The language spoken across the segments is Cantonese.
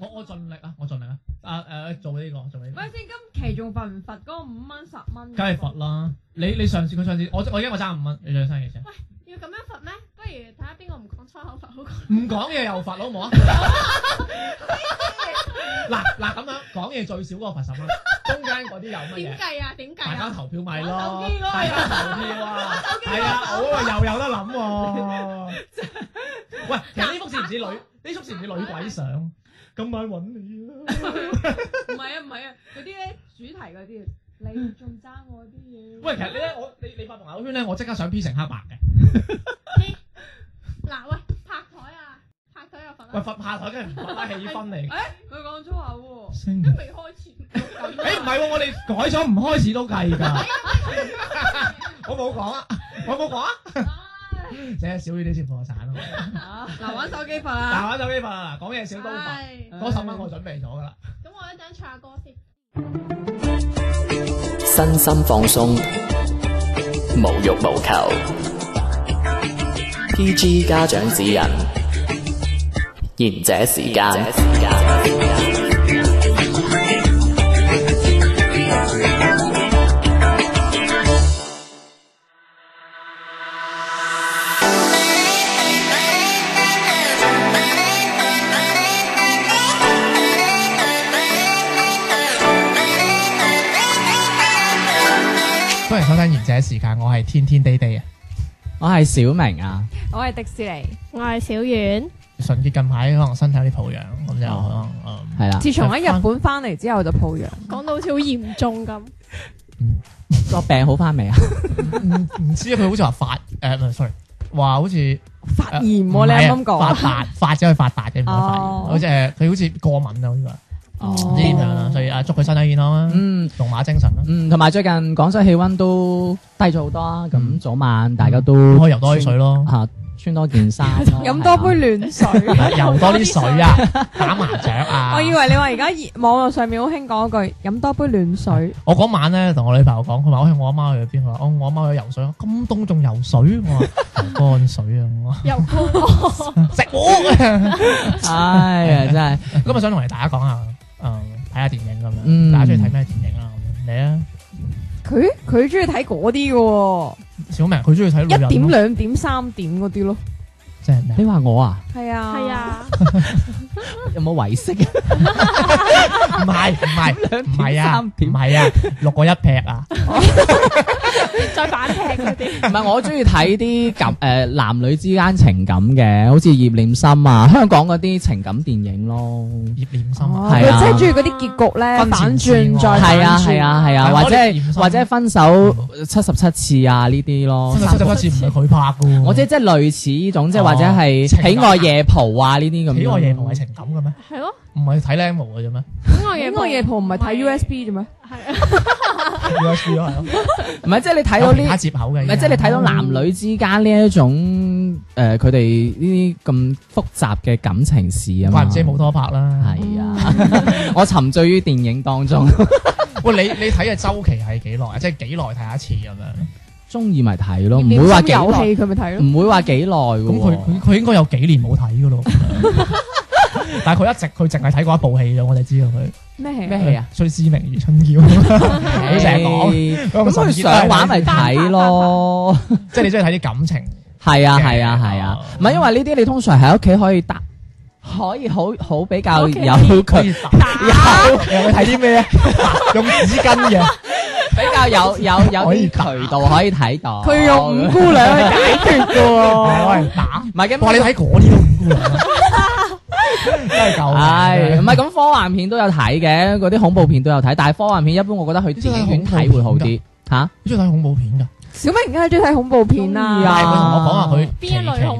我我盡力啊！我盡力啊！阿誒做呢個，做呢個。喂，先今期仲罰唔罰嗰五蚊十蚊？梗係罰啦！你你上次佢上次，我我因為我爭五蚊，你再爭幾錢？喂，要咁樣罰咩？不如睇下邊個唔講粗口罰好過。唔講嘢又罰好唔好啊？嗱嗱咁樣講嘢最少嗰個罰十蚊，中間嗰啲有乜嘢？點計啊？點計？大家投票咪咯，大家投票，啊！係啊，我又有得諗喎。喂，其實呢幅似唔似女？呢幅似唔似女鬼相？想買揾你啊？唔係啊唔係啊，嗰啲咧主題嗰啲，你仲爭我啲嘢？喂，其實你咧我你你發朋友圈咧，我即刻想 P 成黑白嘅。嗱， 喂，拍台啊，拍台啊，罰，喂，罰拍台嘅唔拍氣氛嚟。嘅 是。誒 是，佢講粗口，都未、啊、星開始錄錄。誒、欸，唔係喎，我哋改咗唔開始都計㗎。我冇講啊，我冇講啊。 即係少於啲先破產咯。嗱，玩手機罰啊！嗱，玩手機罰啊！講嘢少都罰。嗰十蚊我準備咗噶啦。咁我一陣唱下歌先。身心放鬆，無欲無求。PG 家長指引，賢者時間。講翻《賢者》時間，我係天天地地啊！我係小明啊！我係迪士尼，我係小遠。純潔近排可能身體有啲抱恙，咁就係啦。自從喺日本翻嚟之後，就抱恙，講到好似好嚴重咁。個病好翻未啊？唔唔知啊，佢好似話發誒，唔係，sorry，話好似發炎喎。你啱啱講發發發，只係發達嘅唔好發炎，好似誒，佢好似過敏啊，好似。哦，所以啊，祝佢身體健康啦。嗯，龍馬精神啦。嗯，同埋最近廣州氣溫都低咗好多，咁早晚大家都可以游多啲水咯，吓穿多件衫，飲多杯暖水，游多啲水啊，打麻雀啊。我以為你話而家網絡上面好興講句飲多杯暖水。我嗰晚咧同我女朋友講，佢話我向，我阿媽去咗邊？佢話我阿媽去游水，咁凍仲游水？我話乾水啊，游過食鵝，哎呀真係，咁我想同大家講下。誒，睇下、嗯、電影咁樣，大家中意睇咩電影啊？你啊、嗯！佢佢中意睇嗰啲嘅，小明佢中意睇一點、兩點、三點嗰啲咯。你話我啊？係啊係啊，有冇遺色啊？唔係唔係唔係啊，唔係啊，六個一劈啊，再反劈嗰啲。唔係我中意睇啲感、誒，男女之間情感嘅，好似葉念琛啊，香港嗰啲情感電影咯。葉念琛啊，即係中意嗰啲結局咧反轉再反轉，係啊係啊係啊，或者或者分手七十七次啊呢啲咯。七十七次唔係佢拍噶，我即係即係類似呢種即係話。或者係喜愛夜蒲啊呢啲咁，喜愛夜蒲係情感嘅咩？係咯、啊，唔係睇靚模嘅啫咩？喜愛夜蒲唔係睇 USB 啫咩？係 USB 係咯，唔係即係你睇到呢？接口嘅是，唔係即係你睇到男女之間呢一種誒，佢哋呢啲咁複雜嘅感情事啊嘛，或者冇拖拍啦，係啊，嗯、 我沉醉於電影當中。 喂，你你睇嘅周期係幾耐啊？即係幾耐睇一次咁樣？中意咪睇咯，唔會話幾耐，佢咪睇咯，唔會話幾耐。咁佢佢佢應該有幾年冇睇噶咯。 但係佢一直佢淨係睇過一部戲啫，我哋知道佢咩戲咩戲啊？嗯《志明與春嬌》你成日講，咁佢上玩咪睇咯。即係你中意睇啲感情。係啊係啊係啊，唔係、啊啊啊、因為呢啲你通常喺屋企可以得。可以好好比較有佢，有睇啲咩啊？用紙巾嘅，比較有有有渠道可以睇到。佢用五姑娘去解決噶，打唔係咁。哇！你睇嗰啲五姑娘，真係夠嘅。係唔係咁？科幻片都有睇嘅，嗰啲恐怖片都有睇，但係科幻片一般，我覺得去電影院體會好啲。吓，你中意睇恐怖片噶？小明而家係中意睇恐怖片啊！係佢同我講話佢。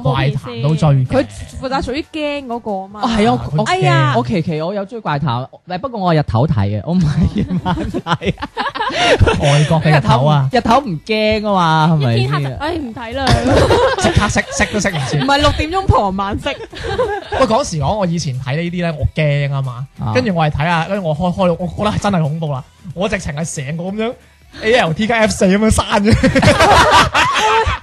怪談都追，佢負責屬於驚嗰個啊嘛。係啊，啊哎呀，我奇奇我有追怪談，唔不過我係日頭睇嘅，我唔係夜晚睇。哦、 外國嘅日頭啊，日頭唔驚啊嘛，係咪？唉，唔睇啦，即、哎、刻 識識，識，識都識唔切。唔係六點鐘傍晚識。 喂，講時講，我以前睇呢啲咧，我驚啊嘛，跟住、哦、我係睇下，跟住我開開，我覺得係真係恐怖啦，我直情係成個咁樣。A L T 加 F 四，咁樣刪咗。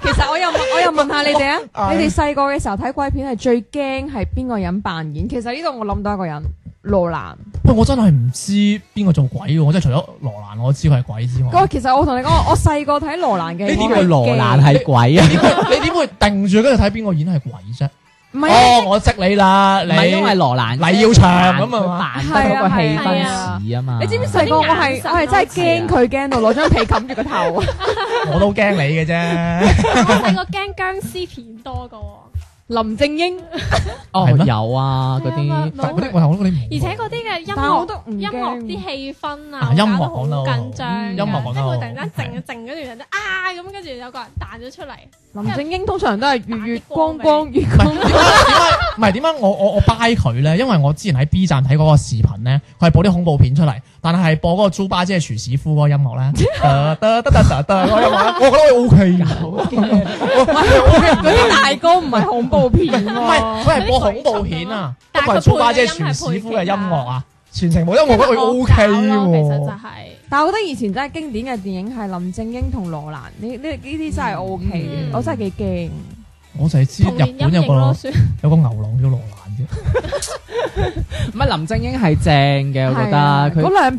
其實我又我又問，問下你哋啊，你哋細個嘅時候睇鬼片係最驚係邊個人扮演？其實呢度我諗到一個人羅蘭。喂，我真係唔知邊個做鬼嘅，我真係除咗羅蘭，我知佢係鬼之外。嗰，其實我同你講，我細個睇羅蘭嘅。 你點羅蘭係鬼啊？ 你點會定住跟住睇邊個演係鬼啫？哦，我識你啦，你唔係因為羅蘭黎耀祥咁啊，扮得個氣氛似啊嘛。你知唔知細個我係我係真係驚佢，驚到攞張被冚住個頭。我都驚你嘅啫。我細個驚僵屍片多過林正英，哦有啊嗰啲啲我我，而且嗰啲嘅音樂都音樂啲氣氛啊，搞到好緊張，音樂好緊張，跟住突然間靜，靜啊靜嗰段人、啊、後啊咁，跟住有個人彈咗出嚟。林正英通常都係月月光光月光光。點解？唔係點解？我我我掰佢咧，因為我之前喺 B 站睇嗰個視頻咧，佢係播啲恐怖片出嚟。但係播嗰個豬八戒廚師夫嗰個音樂咧，得得得得得，我覺得佢 O K 嘅，嗰啲大哥唔係恐怖片，唔係佢係播恐怖片啊，但係豬八戒廚師夫嘅音樂啊，全程冇音樂我覺得佢 O K 其實就係，但係我覺得以前真係經典嘅電影係林正英同羅蘭，呢呢呢啲真係 O K 我真係幾驚，我就係知日本有個有個牛郎叫羅唔係 林正英係正嘅， 我覺得佢嗰、啊、他兩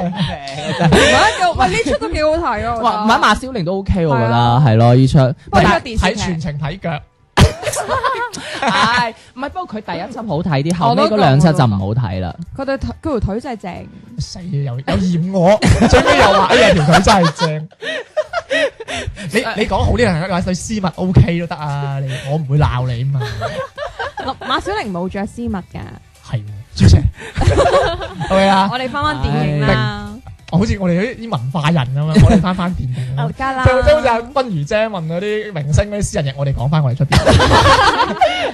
唔係，喂，呢出都幾好睇啊！哇，唔係馬小玲都 OK，我覺得係咯，呢出睇全程睇腳，係唔係？不過佢第一輯好睇啲，後尾嗰兩輯就唔好睇啦。佢對佢條腿真係正，死又又嫌我，最尾又話哎呀條腿真係正。你你講好啲人，對絲襪 OK 都得啊，我唔會鬧你嘛。馬小玲冇着絲襪噶，係。主持係啊！我哋翻翻電影啦，好似我哋啲啲文化人咁樣！我哋翻翻電影，即即周就阿斌如姐問嗰啲明星咩？私人嘢，我哋講翻我哋出邊。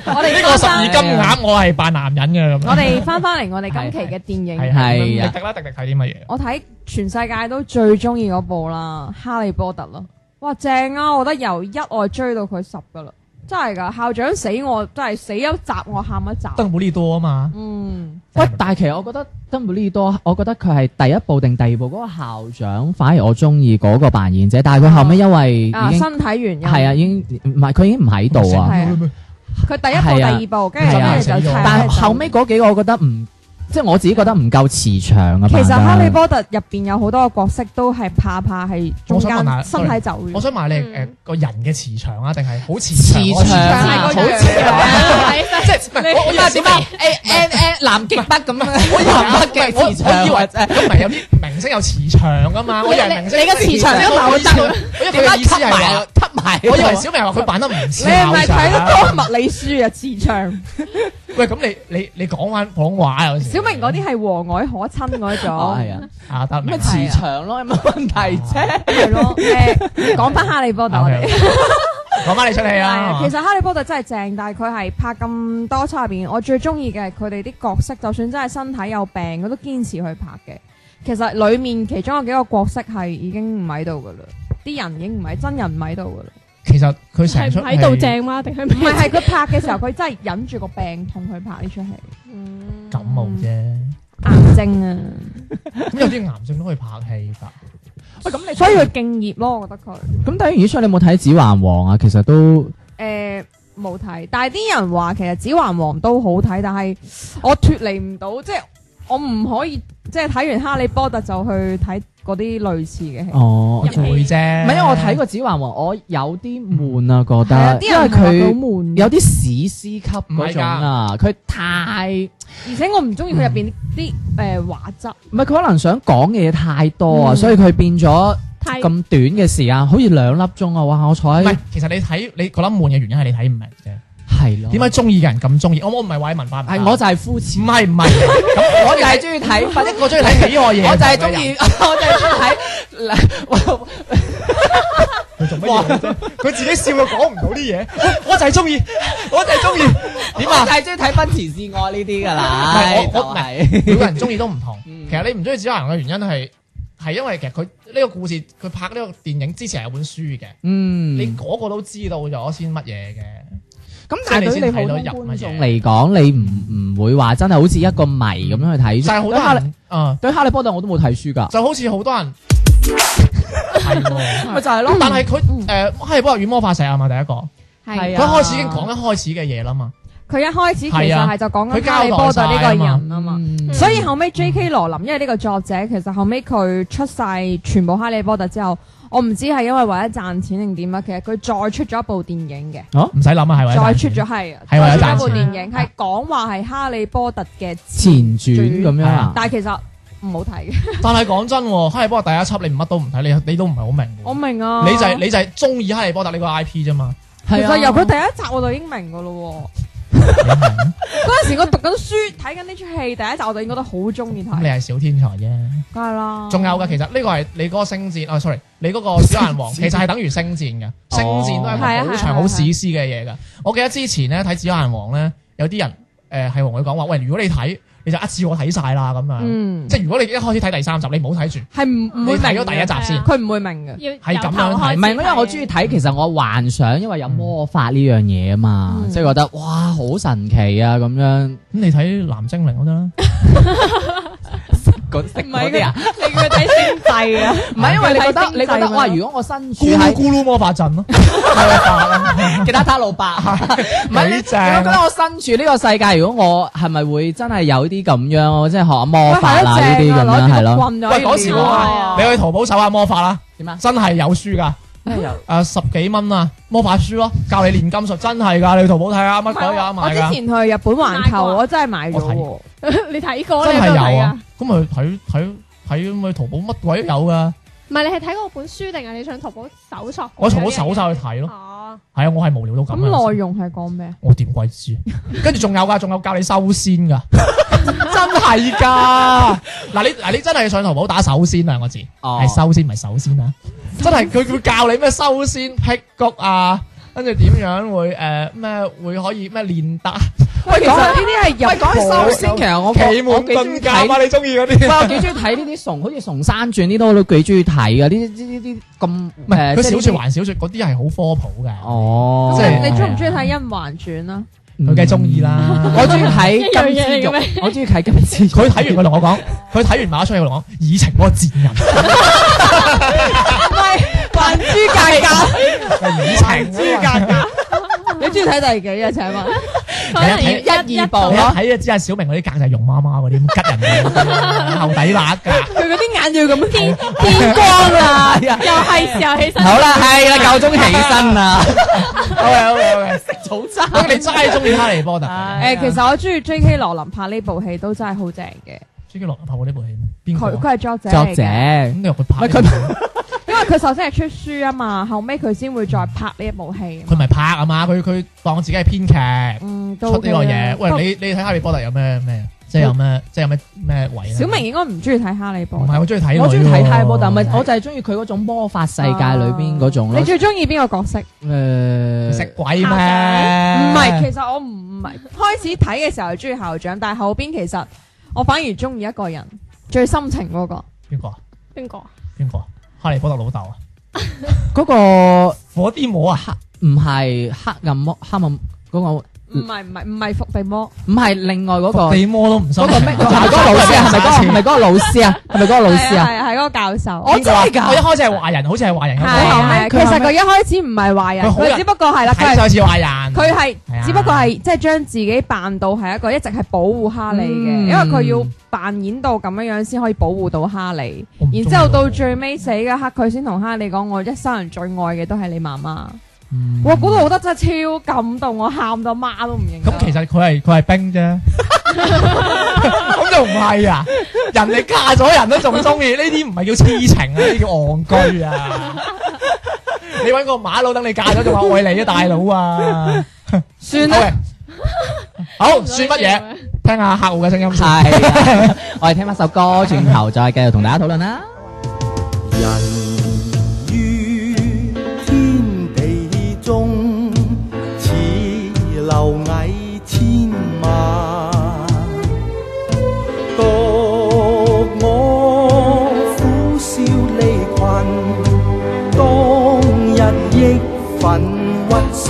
我哋呢個十二金鴨，我係扮男人嘅。我哋翻翻嚟，我哋今期嘅電影係迪迪啦，迪迪睇啲乜嘢？我睇全世界都最中意嗰部啦，《哈利波特》咯。哇，正啊！我覺得由一愛追到佢十噶啦。真係噶，校長死我，真係死一集我喊一集。鄧布利多啊嘛，嗯，喂，但係其實我覺得鄧布利多，我覺得佢係第一部定第二部嗰個校長，反而我中意嗰個扮演者，但係佢後尾因為、哦啊、身體原因，係啊，已經唔係佢已經唔喺度啊，佢第一部、啊、第二部跟住，但係後尾嗰幾個我覺得唔。即係我自己覺得唔夠磁場啊！其實《哈利波特》入邊有好多個角色都係怕怕係中間身體，就我想問下你誒個人嘅磁場啊，定係好磁場？磁場啊！好磁場啊！即係點解誒誒誒南極北咁樣？南極北嘅磁場。我以為誒咁唔係有啲明星有磁場噶嘛？我以為明星你嘅磁場。我意思係話係，我以為小明話佢扮得唔似。你係咪睇得多物理書啊？磁場。 喂，咁你你你講翻普通話有時 啊？小明嗰啲係和藹可親嗰種。係啊。咩磁場咯？有乜問題啫、啊。係 咯。講翻哈利波特。講翻你出戲啊！ 其實哈利波特真係正，但係佢係拍咁多差入邊，我最中意嘅佢哋啲角色，就算真係身體有病，佢都堅持去拍嘅。其實裏面其中有幾個角色係已經唔喺度噶啦。啲人已經唔係真人喺度噶啦。其實佢成日喺度正嗎？定係唔係？係佢拍嘅時候，佢 真係忍住個病痛去拍呢出戲。嗯、感冒啫。癌症啊！咁 有啲癌症都可以拍戲噶。喂、 哎，咁你所以佢敬業咯，我覺得佢。咁睇完出你有冇睇《指環王》啊？其實都誒冇睇，但係啲人話其實《指環王》都好睇，但係我脫離唔到，即係我唔可以即係睇完《哈利波特》就去睇。嗰啲類似嘅戲哦，會啫。唔係對因為我睇過《指環王》，我有啲悶啊，覺得、嗯。因為佢好悶，有啲史詩級嗰種啊。佢太而且我唔中意佢入邊啲誒畫質。唔係佢可能想講嘅嘢太多啊，嗯、所以佢變咗咁短嘅時間，好似兩粒鐘啊！哇，我坐喺唔係，其實你睇你覺得悶嘅原因係你睇唔明啫。係咯，點解中意嘅人咁中意？我我唔係話文化，係我就係膚淺。唔係唔係，我就係中意睇，或者、 嗯、我中意睇喜愛嘢。我就係中意，我就係喺。佢做乜嘢啫？佢自己笑又講唔到啲嘢。我就係中意，我就係中意。點啊？係中意睇婚前試愛呢啲噶啦。我明，每個人中意都唔同。 其實你唔中意史玉恒嘅原因係，係因為其實佢呢個故事，佢拍呢個電影之前係有本書嘅。嗯，你個個都知道咗先乜嘢嘅。咁但係對於你好多觀眾嚟講，你唔唔會話真係好似一個謎咁樣去睇。但係好多，嗯，對哈利波特我都冇睇書㗎。就好似好多人，咪就係咯。但係佢誒哈利波特與魔法石啊嘛，第一個，係啊，佢開始已經講一開始嘅嘢啦嘛。佢一開始其實係就講緊哈利波特呢個人啊嘛，所以後尾 J.K. 羅琳因為呢個作者其實後尾佢出晒全部哈利波特之後。我唔知係因為為咗賺錢定點啊，其實佢再出咗一部電影嘅，唔使諗啊，係咪？再出咗係一部電影，係講話係哈利波特嘅前傳咁樣，啊、但係其實唔好睇嘅。但係講真，哈利波特第一輯你乜都唔睇，你你都唔係好明。我明啊你、就係，你就係你就係中意哈利波特呢個 IP 啫嘛。係啊，其實由佢第一集我就已經明㗎啦喎。嗰 陣時我讀緊書，睇緊呢出戲第一集我就應該都好中意睇，你係小天才啫，梗係啦，仲有噶，其實呢個係你嗰個星戰，啊、哦、，sorry，你嗰個《指環王》，其實係等於星戰噶，哦、星戰都係好長好史詩嘅嘢噶。我記得之前咧睇《指環王》咧，有啲人誒係同我講話，喂，如果你睇。你就一次過睇晒啦咁樣。嗯、即係如果你一開始睇第三集，你唔好睇住，係唔會睇咗第一集先，佢唔會明嘅，係咁樣睇。唔係因為我中意睇，其實我幻想，因為有魔法呢樣嘢啊嘛，嗯、即係覺得哇好神奇啊咁樣，咁、嗯、你睇《藍精靈》好得啦。 唔係佢啊！你要睇盛世啊！唔係因為你覺得你覺得哇！如果我身處喺咕嚕魔法陣咯，其他塔羅牌，唔係正。我覺得我身處呢個世界，如果我係咪會真係有啲咁樣？即係學魔法啦呢啲咁樣係咯。喂，講笑啊！你去淘寶搜下魔法啦，點啊？真係有書㗎，真係有誒十幾蚊啊魔法書咯，教你練金術，真係㗎！你去淘寶睇下，乜鬼有得賣㗎？我之前去日本環球，我真係買咗喎。你睇過？真係有啊！咁咪睇睇睇，咁去淘寶乜鬼都有噶。唔係你係睇嗰本書定係你上淘寶搜索？我淘寶搜晒去睇咯。哦，係啊，我係無聊到咁。咁內容係講咩？我點鬼知？跟住仲有噶，仲有教你修仙噶，真係噶。嗱，你嗱，你真係上淘寶打修仙啊！兩個字係修仙唔係首先啊！真係佢，佢教你咩修仙辟谷啊？跟住點樣會誒咩會可以咩練打？喂，其實呢啲係喂講起修仙劇，其實我我幾中意你中意嗰啲，我幾中意睇呢啲崇，好似《崇山傳》呢都我都幾中意睇噶，呢呢呢啲咁，唔係佢小說還小說嗰啲係好科普嘅。哦，即係你中唔中意睇《甄嬛傳》啊？佢梗係中意啦，我中意睇金枝，我中意睇金枝。佢睇完佢同我講，佢睇完馬上嚟同我講，以情嗰個賤人，喂，還珠格格，係以情豬格格。你中意睇第幾啊？請問一、二部咯，睇咗之後，小明嗰啲梗係容媽媽嗰啲咁吉人，後底辣噶。佢嗰啲眼要咁天天光啦，又係時候起身。好啦，係啦，夠鐘起身啦。好嘅，好嘅，食早餐。你真係中意哈利波特。誒，其實我中意 J.K. 羅琳拍呢部戲都真係好正嘅。J.K. 羅琳拍過呢部戲咩？佢佢係作者嚟嘅。作者？咁你又佢拍嘅？佢首先係出書啊嘛，後尾佢先會再拍呢一部戲。佢咪拍啊嘛？佢佢當自己係編劇，嗯、出呢個嘢。喂，但 你你睇哈利波特有咩咩？即係、就是、有咩？即、就、係、是、有咩咩、就是、位咧？小明應該唔中意睇哈利波特，唔係我中意睇，我中意睇哈利波特咪。我就係中意佢嗰種魔法世界裏邊嗰種、啊、你最中意邊個角色？誒、呃，食鬼咩？唔係，其實我唔係 開始睇嘅時候係中意校長，但係後邊其實我反而中意一個人最深情嗰、那個。邊個誰？邊個誰？邊個？哈利波特老豆啊，嗰 個火癲魔啊，黑唔係黑暗魔，黑暗嗰，嗰個。唔係唔係唔係伏地魔，唔係另外嗰個伏地魔都唔信。嗰個咩？係嗰個老師係咪嗰個？係咪嗰個老師啊？係咪嗰個老師啊？係係嗰個教授。我真係噶，我一開始係壞人，好似係壞人咁。其實佢一開始唔係壞人，只不過係啦，佢就似壞人。佢係只不過係即係將自己扮到係一個一直係保護哈利嘅，因為佢要扮演到咁樣樣先可以保護到哈利。然之後到最尾死嘅刻，佢先同哈利講：我一生人最愛嘅都係你媽媽。我估、嗯、到我覺得真係超感動，我喊到媽都唔認。咁其實佢係佢係冰啫，咁就唔係啊！人哋嫁咗人都仲中意，呢啲唔係叫痴情啊，呢啲 叫戇居啊！ 你搵個馬佬等你嫁咗仲話愛你啊，大佬啊！算啦，好算乜嘢？啊、聽下客戶嘅聲音先、 啊、我哋聽翻首歌，轉頭再繼續同大家討論啦。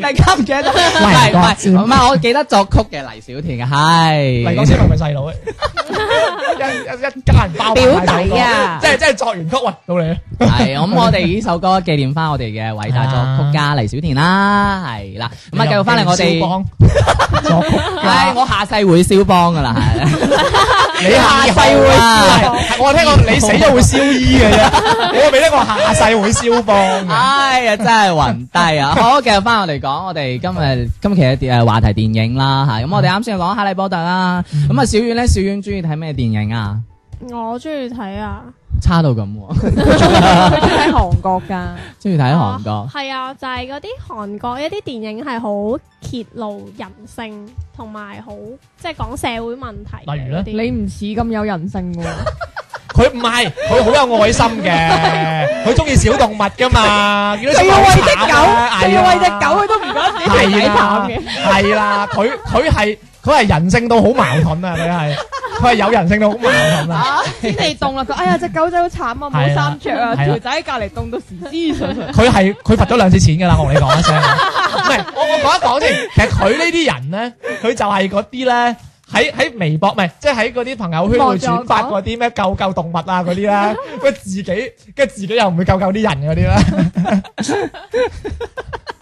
大家唔記得，唔係唔係，唔係我記得，作曲嘅黎小田嘅係黎光先係咪細佬？ 一 一家人包庇啊！即係即係作完曲喂到你，係咁 我哋呢首歌紀念翻我哋嘅偉大作曲家黎小田啦，係啦咁啊繼續翻嚟，我哋 作家我下世會肖邦噶啦， 你下世會、啊？ 我聽講你死咗會燒衣嘅啫，我未 聽過下世會肖邦？ 哎呀，真係暈低啊！好，繼續翻我嚟講，我哋今日 今期嘅誒話題電影啦，吓咁我哋啱先講哈利波特啦，咁啊 小遠咧小遠最。你睇咩電影啊？我中意睇啊，差到咁，啊，中意睇韓國噶，中意睇韓國係啊，就係嗰啲韓國一啲電影係好揭露人性，同埋好即係講社會問題。例如咧，你唔似咁有人性噶，佢唔係，佢好有愛心嘅，佢中意小動物噶嘛，要餵隻狗，要餵隻狗，佢都唔覺得自己係慘嘅，係啦、 啊，佢佢係。 佢係人性到好矛盾啊！你係，佢係有人性到好矛盾啊！天氣凍啦，佢 哎呀隻狗仔好慘啊，冇衫着啊，啊條仔喺隔離凍到死、啊，思想佢係佢罰咗兩次錢㗎啦，我同你講一聲。唔係、啊，我我講一講先。其實佢呢啲人咧，佢就係嗰啲咧，喺喺微博，唔係即係喺嗰啲朋友圈度轉發嗰啲咩救救動物啊嗰啲啦，佢自己跟自己又唔會救救啲人嗰啲啦。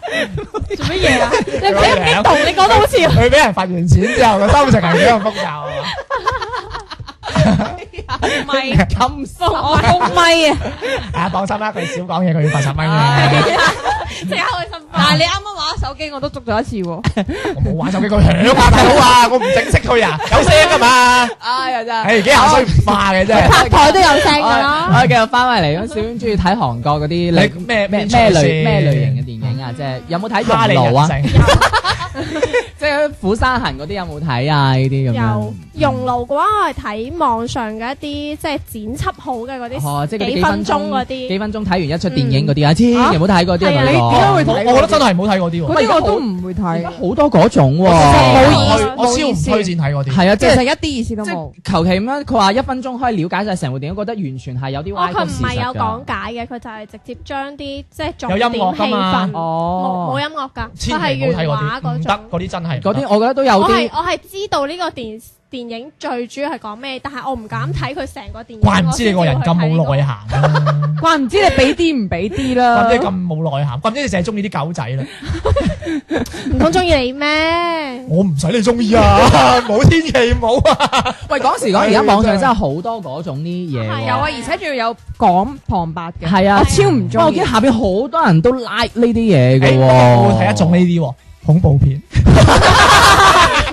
做乜嘢啊？ 你同你講得好似，佢俾人罰完錢之後嘅心情係點樣複雜啊？咁騷啊！公咪啊！啊，放心啦，佢少講嘢，佢要八十蚊。即刻開心。但係你啱啱玩手機，我都捉咗一次喎。我冇玩手機，佢響啊大佬啊！我唔整識佢啊，有聲噶嘛？哎呀真係，哎幾廿歲唔化嘅真係，拍台都有聲噶。我今日翻翻嚟，咁小軒中意睇韓國嗰啲，你咩咩咩類咩類型嘅電影啊？即係有冇睇過《花里人生》？即係《釜山行》嗰啲有冇睇啊？呢啲咁有。熔爐嘅話，我係睇網上嘅一啲即係剪輯好嘅嗰啲。即係幾分鐘嗰啲。幾分鐘睇完一出電影嗰啲啊！千祈唔好睇嗰啲。你點解會？我覺得真係唔好睇嗰啲。嗰啲我都唔會睇。好多嗰種喎。冇意思，意思。唔推薦睇嗰啲。係啊，即係一啲意思都冇。即係求其咁樣，佢話一分鐘可以了解晒成部電影，覺得完全係有啲歪。佢唔係有講解嘅，佢就係直接將啲即係重點氣氛。有音樂。冇音樂噶，佢係原畫嗰得嗰啲真係，嗰啲我覺得都有啲。我係我係知道呢個電電影最主要係講咩，但係我唔敢睇佢成個電影。怪唔知你個人咁冇內涵啦！怪唔知你俾啲唔俾啲啦！怪唔知你咁冇內涵，怪唔知你成日中意啲狗仔啦？唔通中意你咩？我唔使你中意啊！冇天氣冇啊！喂，講時講，而家網上真係好多嗰種呢啲嘢。係啊，而且仲要有講旁白嘅，係啊，我超唔中。我見下邊好多人都 like 呢啲嘢嘅喎，睇一種呢啲。恐怖片，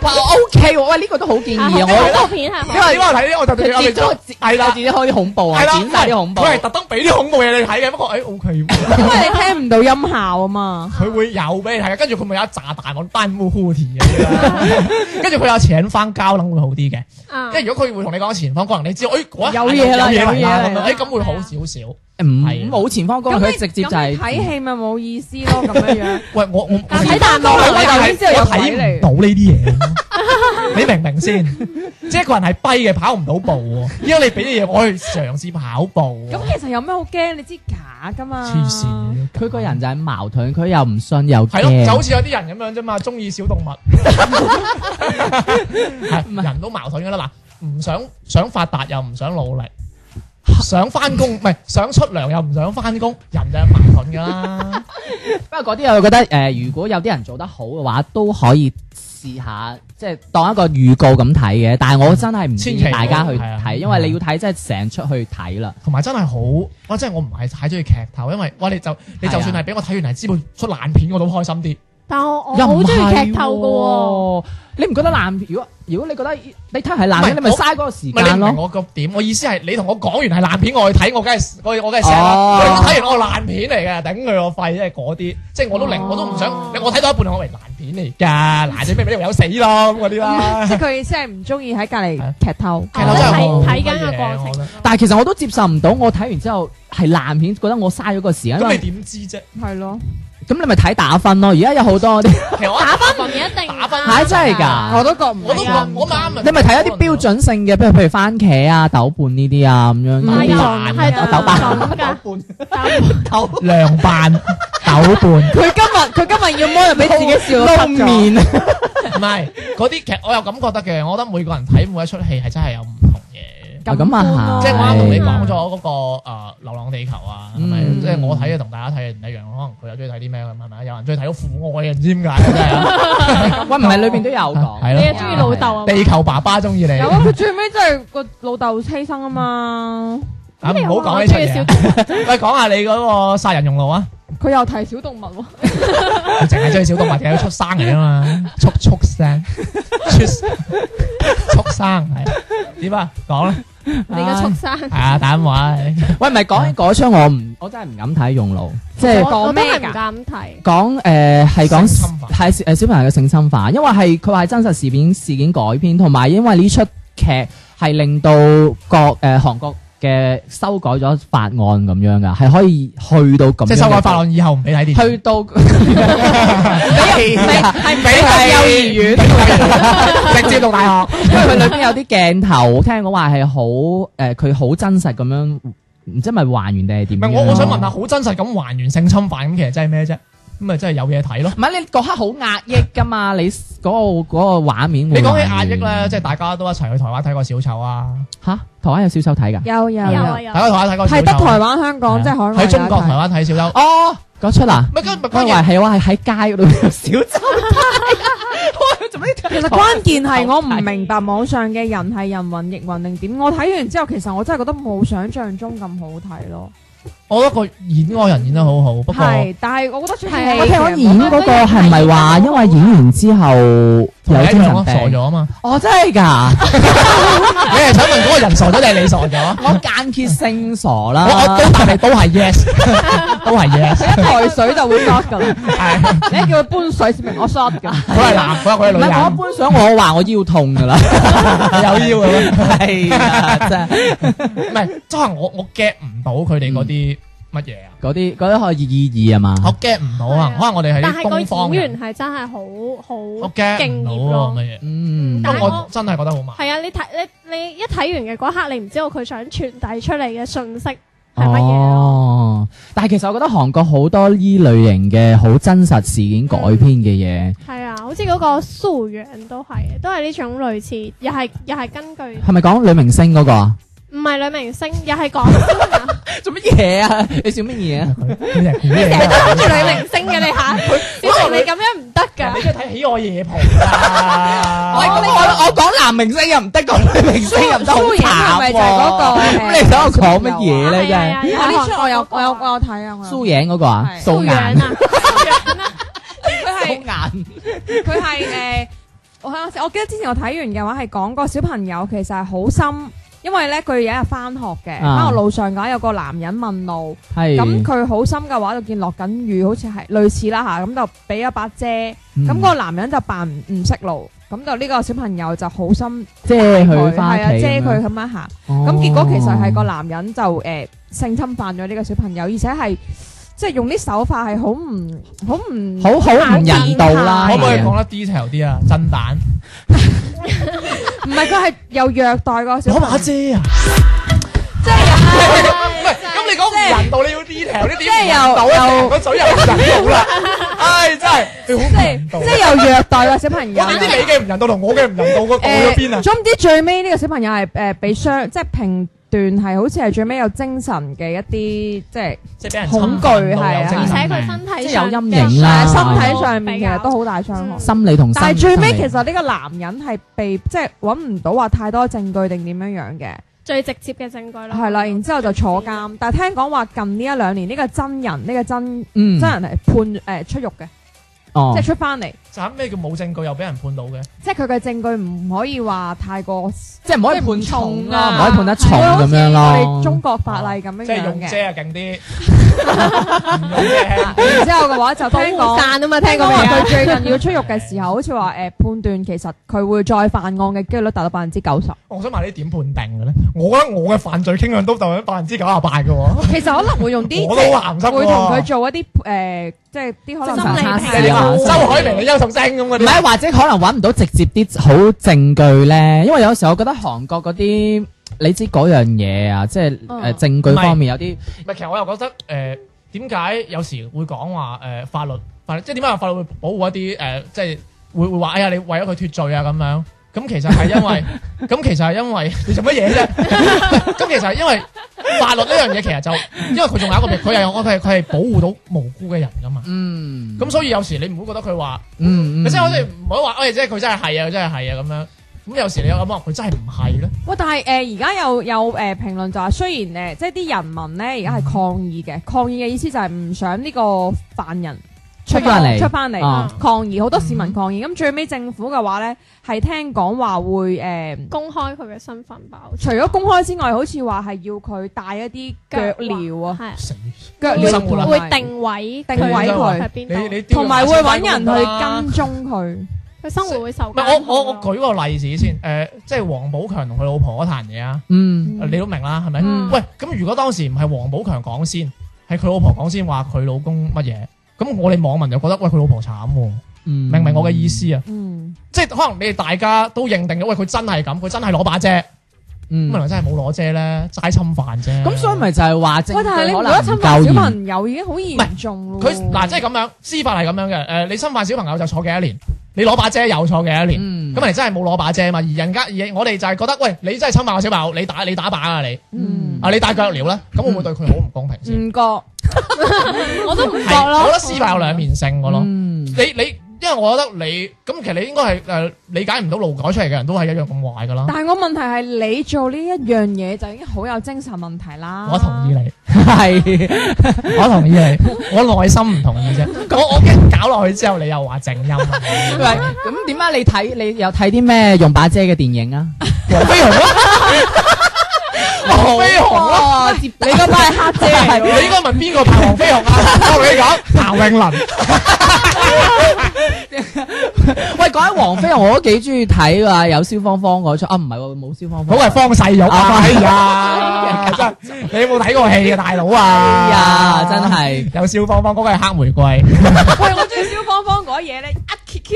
哇 O K。喂，呢個都好建議，恐怖片係嘛？因為我話睇咧，我就直接係啦，自己開啲恐怖啊，點晒啲恐怖？佢係特登俾啲恐怖嘢你睇嘅，不過誒 O K，因為你聽唔到音效啊嘛。佢會有俾你睇，跟住佢咪有一炸彈，我 ban 烏嘅，跟住佢有請翻膠能會好啲嘅，即係如果佢會同你講前方，可能你知，有嘢啦，有嘢啦，誒，咁會好少少。唔係冇前方光，佢直接就係睇戲咪冇意思咯，咁樣樣。喂我我但喺彈力跑咧，就係我睇嚟到呢啲嘢，你明唔明先？即係一個人係跛嘅跑唔到步，因為你俾啲嘢我去嘗試跑步。咁其實有咩好驚？你知假噶嘛？黐線，佢個人就係矛盾，佢又唔信又係咯，就好似有啲人咁樣啫嘛，中意小動物，人都矛盾噶啦，嗱，唔想想發達又唔想努力。想翻工，唔係想出糧，又唔想翻工，人就係矛盾噶啦。 不過嗰啲我又覺得誒、呃，如果有啲人做得好嘅話，都可以試下，即係當一個預告咁睇嘅。但係我真係唔建議大家去睇，啊、因為你要睇真係成出去睇啦。同埋真係好，真我真係我唔係太中意劇透，因為我哋就你就算係俾我睇完嚟，啊、知本出爛片我都開心啲。但我我好中意劇透噶，你唔覺得爛片？如果如果你覺得你睇係爛片，你咪嘥嗰個時間咯。我個點？我意思係你同我講完係爛片，我去睇，我梗係我我梗係睇完我爛片嚟嘅，頂佢個肺，即係嗰啲，即係我都零，我都唔想。我睇到一半，我為爛片嚟噶，嗱你咩咪有死咯咁嗰啲啦。即係佢即係唔中意喺隔籬劇透，劇透真係睇緊個過程。但係其實我都接受唔到，我睇完之後係爛片，覺得我嘥咗個時間。咁你點知啫？係咯。咁你咪睇打分咯，而家有好多啲，其實我打分，一定打分，係真係㗎，我都覺唔，我都我啱。你咪睇一啲標準性嘅，譬如譬如番茄啊、豆瓣呢啲啊咁樣，拌啊豆瓣，涼拌豆瓣。佢今日佢今日要麼又俾自己笑到面唔係嗰啲劇，我又咁覺得嘅，我覺得每個人睇每一出戲係真係有唔同嘅。就咁啊，即係我啱同你講咗嗰個誒《流浪地球》啊，係咪？即係我睇嘅同大家睇嘅唔一樣，可能佢又中意睇啲咩咁，係咪？有人中意睇《到父愛》，唔知點解，喂，唔係裏邊都有講。你又中意老豆啊？地球爸爸中意你。有啊，佢最尾真係個老豆犧牲啊嘛。啊，唔好講呢樣嘢。喂，講下你嗰個殺人用腦啊！佢又提小動物。淨係中意小動物，睇到出生嚟啊嘛，畜畜聲，畜生係點啊？講啦。你個畜生唉 啊！打電話 喂，唔係講起嗰出我唔，我真係唔敢睇《熔爐 》呃，即係講咩唔敢睇。講誒，係講係誒，小朋友嘅性侵犯，因為係佢話係真實事件事件改編，同埋因為呢出劇係令到國誒韓國嘅修改咗法案咁樣噶，係可以去到咁。即係修改法案以後唔俾睇電視，去到係唔俾睇幼兒園，直接讀大學。因為佢裏邊有啲鏡頭，聽講話係好誒，佢好真實咁樣，唔知係咪還原定係點？唔係，我我想問下，好真實咁還原性侵犯咁，其實真係咩啫？咁咪真係有嘢睇咯！唔係你嗰刻好壓抑噶嘛？你嗰、嗰個嗰、嗰個、畫面會你，你講起壓抑咧，即係大家都一齊去台灣睇過小丑啊！嚇，台灣有小丑睇㗎，有有有，喺對台灣睇過小丑，係得台灣香港、啊、即係海外喺中國台灣睇小丑哦，嗰出嗱，乜嘢係我係喺街嗰度睇小丑，我做咩？ 其實關鍵係我唔明白網上嘅人係人云亦云定點，我睇完之後其實我真係覺得冇想像中咁好睇咯。我覺得個演愛人演得好好，不過係，但係我覺得係。我聽我演嗰個係唔係話因為演完之後有精神病傻咗啊嘛？哦，真係㗎！你係想問嗰個人傻咗定係你傻咗？我間歇性傻啦。我都但係都係 yes，都係 yes。一抬水就會 short 噶啦。係。你叫佢搬水，證明我 short 噶？佢係男，佢係女。唔係我搬水，我話我腰痛㗎啦，有腰㗎。係啊，真係。唔係，真係我我 get 唔到佢哋嗰啲。乜嘢啊？嗰啲啲可以意義係嘛？我 get 唔到啊！可能我哋喺但係個演員係真係好好，好嘅，好專業咯，乜嘢？嗯，但我、嗯、我真係覺得好慢。係啊，你睇你你一睇完嘅嗰刻，你唔知道佢想傳遞出嚟嘅信息係乜嘢咯？但係其實我覺得韓國好多呢類型嘅好真實事件改編嘅嘢係啊，好似嗰個《素媛》都係，都係呢種類似，又係又係根據係咪講女明星嗰、那個啊？唔係女明星，又係講做乜嘢啊？你笑乜嘢啊？你成日都諗住女明星嘅你吓，同你咁樣唔得噶。你中意睇喜愛夜蒲？我我我講男明星又唔得，講女明星又唔得。蘇影係咪就係嗰個？你講講乜嘢咧？真係我有我有我睇啊！我蘇影嗰個啊，蘇影啊，蘇影啊，佢係佢係誒，我我我記得之前我睇完嘅話係講個小朋友其實係好心。因為咧，佢有一日翻學嘅，翻學路上嘅有個男人問路，咁佢好心嘅話就見落緊雨，好似係類似啦吓，咁就俾一把遮，咁個男人就扮唔識路，咁就呢個小朋友就好心遮佢，係啊，遮佢咁樣吓，咁結果其實係個男人就誒性侵犯咗呢個小朋友，而且係即係用啲手法係好唔好唔好好唔人道啦，可唔可以講得 detail 啲啊？震蛋。唔係，佢係又虐待個小朋友。攞把遮啊！即係唔係？咁你講唔人道你要 detail 啲？即係又又個嘴又唔人道啦！唉，真係佢好人道。即係即係又虐待個小朋友。你知你嘅唔人道同我嘅唔人道，我去咗邊啊？總之最尾呢個小朋友係誒俾傷，即係平。段係好似係最尾有精神嘅一啲，即係即係俾人恐懼係啊，而且佢身體即係有陰影啦，的的身體上面其實都好大傷害。心理同心理，但係最尾其實呢個男人係被即係搵唔到話太多證據定點樣樣嘅，最直接嘅證據咯。係啦，然之後就坐監，嗯、但係聽講話近呢一兩年呢、這個真人呢、這個真真人係判誒、呃、出獄嘅，哦即，即係出翻嚟。就係咩叫冇證據又俾人判到嘅？即係佢嘅證據唔可以話太過，即係唔可以判重啦，唔可以判得重咁樣咯。我好似我哋中國法例咁樣。即係用遮啊勁啲。然之後嘅話就聽講，好曬啊嘛！聽講佢最近要出獄嘅時候，好似話誒判斷其實佢會再犯案嘅機率達到百分之九十。我想問你點判定嘅咧？我覺得我嘅犯罪傾向都達咗百分之九十八嘅喎。其實可能會用啲，我都好良心喎。會同佢做一啲誒，即係啲可能心理評估。周海明嘅優勢。唔係，或者可能揾唔到直接啲好證據咧，因為有時候我覺得韓國嗰啲，你知嗰樣嘢啊，即係誒證據方面有啲，唔係、哦，其實我又覺得誒，呃，點解有時會講話誒法律，即係點解話法律會保護一啲誒，即、呃、係、就是、會會話，哎呀，你為咗佢脱罪啊咁樣。咁其實係因為，咁 其實係因為你做乜嘢啫？咁 其實係因為法律呢樣嘢，其實就因為佢仲有一個，佢又佢係佢係保護到無辜嘅人噶嘛。嗯。咁所以有時你唔好覺得佢話，嗯，嗯，即係我哋唔好話，即係佢真係係啊，佢真係係啊咁樣。咁有時你又諗佢真係唔係咧？哇！但係誒，而家又有誒評論就話雖然誒，即係啲人民咧而家係抗議嘅，嗯、抗議嘅意思就係唔想呢個犯人。出翻嚟，出翻嚟抗議，好多市民抗議。咁最尾政府嘅話咧，係聽講話會誒公開佢嘅身份吧。除咗公開之外，好似話係要佢戴一啲腳鐐啊，腳鐐會定位定位佢喺邊度，同埋會揾人去跟蹤佢，佢生活會受。我我我舉個例子先，誒，即係王寶強同佢老婆嗰談嘢啊，嗯，你都明啦，係咪？喂，咁如果當時唔係王寶強講先，係佢老婆講先，話佢老公乜嘢？咁我哋網民就覺得喂，佢老婆慘，嗯、明唔明我嘅意思啊？嗯，即係可能你哋大家都認定咗，喂佢真係咁，佢真係攞把遮，咁原來真係冇攞遮咧，齋侵犯啫。咁所以咪就係話，喂，嗯、喂但係你唔覺得侵犯小朋友已經好嚴重？唔，佢嗱，即係咁樣司法係咁樣嘅。誒，你侵犯小朋友就坐幾多年？你攞把遮又坐幾多年？咁咪、嗯、真係冇攞把遮啊？嘛，而人家而我哋就係覺得喂，你真係侵犯我小朋友，你打你打靶啊你？啊、嗯、你戴腳鐐咧，咁會唔會對佢好唔公平先？唔覺、嗯。嗯嗯嗯 我都唔覺咯，我覺得司法有兩面性嘅咯。嗯、你你，因為我覺得你咁，其實你應該係誒理解唔到勞改出嚟嘅人都係一樣咁壞噶啦。但係我問題係你做呢一樣嘢就已經好有精神問題啦。我同意你，係我同意你，我內心唔同意啫。我驚搞落去之後，你又話靜音， 喂，咁點解你睇你又睇啲咩用把遮嘅電影啊？有咩？黃飛鴻咯，你應該都係黑姐。你應該問邊個黃飛鴻啊？我同你講，譚詠麟。喂，講起黃飛鴻，我都幾中意睇啊，有蕭芳芳嗰出。啊，唔係，冇蕭芳芳，好係方世玉啊。哎呀，真係，你有冇睇過戲啊，大佬啊？哎呀，真係，有蕭芳芳嗰個係黑玫瑰。喂，我中意蕭芳芳嗰嘢咧。